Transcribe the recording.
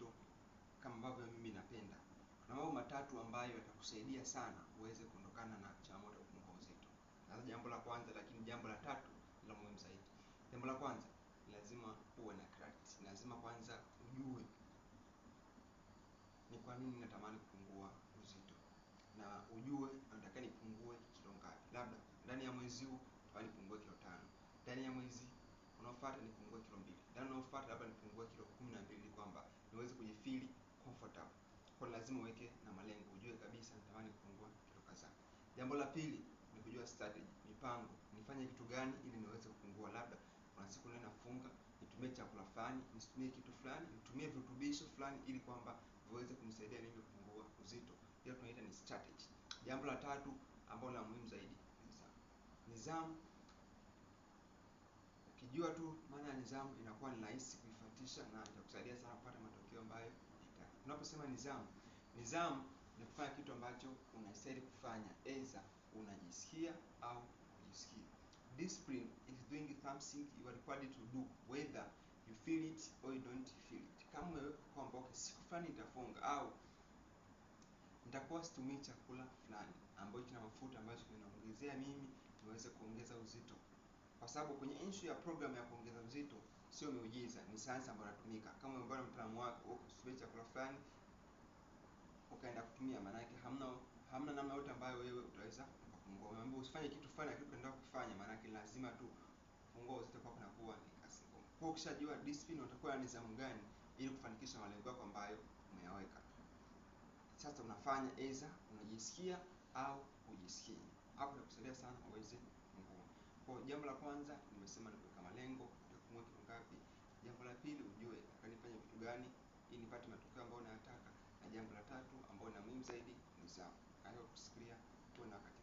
mzito kama ambavyo mimi napenda. Kuna mambo matatu ambayo yatakusaidia sana uweze kuondokana na changamoto ya kupungua uzito. Sasa jambo la kwanza, lakini jambo la tatu la muhimu zaidi. Jambo la kwanza, lazima uwe na clarity. Lazima kwanza ujue ni kwa nini natamani kupungua uzito na ujue unataka nipungue kilo ngapi. Labda ndani ya mwezi huu nataka nipungue kilo tano, ndani ya mwezi unaofuata nipungue kilo mbili, ndani unaofuata labda nipungue kilo kumi na mbili, kwamba niweze kujifeel comfortable. Kwa lazima uweke na malengo, ujue kabisa natamani kupungua kilo kadhaa. Jambo la pili ni kujua strategy, mipango, nifanye kitu gani ili niweze kupungua. Labda kuna siku ndio nafunga, nitumie chakula fulani, nisitumie kitu fulani, nitumie virutubisho fulani ili kwamba viweze kumsaidia mimi kupungua uzito. Hiyo tunaita ni strategy. Jambo la tatu ambalo la muhimu zaidi, nidhamu. Nidhamu ukijua tu maana ya nidhamu inakuwa ni rahisi kuifuatisha na itakusaidia sana kupata matokeo ambayo unataka. Tunaposema nidhamu, nidhamu ni kufanya kitu ambacho unastahili kufanya, either unajisikia au hujisikii. Discipline is doing something you are required to do whether you feel it or you don't feel it. Kama umeweka kwamba okay, siku fulani nitafunga au nitakuwa situmii chakula fulani ambacho kina mafuta ambacho kinaongezea mimi niweze kuongeza uzito kwa sababu kwenye issue ya program ya kuongeza uzito sio miujiza, ni sayansi ambayo inatumika. Kama umebana mtaalamu wako ukusubiri chakula fulani ukaenda kutumia, maana yake hamna hamna namna yote ambayo wewe utaweza kupungua. Umeambiwa usifanye kitu fulani, lakini ukaenda kufanya, maana yake lazima tu kupungua uzito kwako kunakuwa ni kazi ngumu. Kwa ukishajua discipline, utakuwa na nidhamu gani ili kufanikisha malengo yako ambayo umeyaweka. Sasa unafanya aidha unajisikia au hujisikii. Hapo itakusaidia sana uweze ngumu kwa jambo la kwanza nimesema ni malengo malengo, nakumua kitu ngapi. Jambo la pili ujue akanifanya vitu gani ili nipate matokeo ambayo nayataka, na jambo la tatu ambayo na muhimu zaidi ni zamu. Kwa hiyo kusikilia, na wakati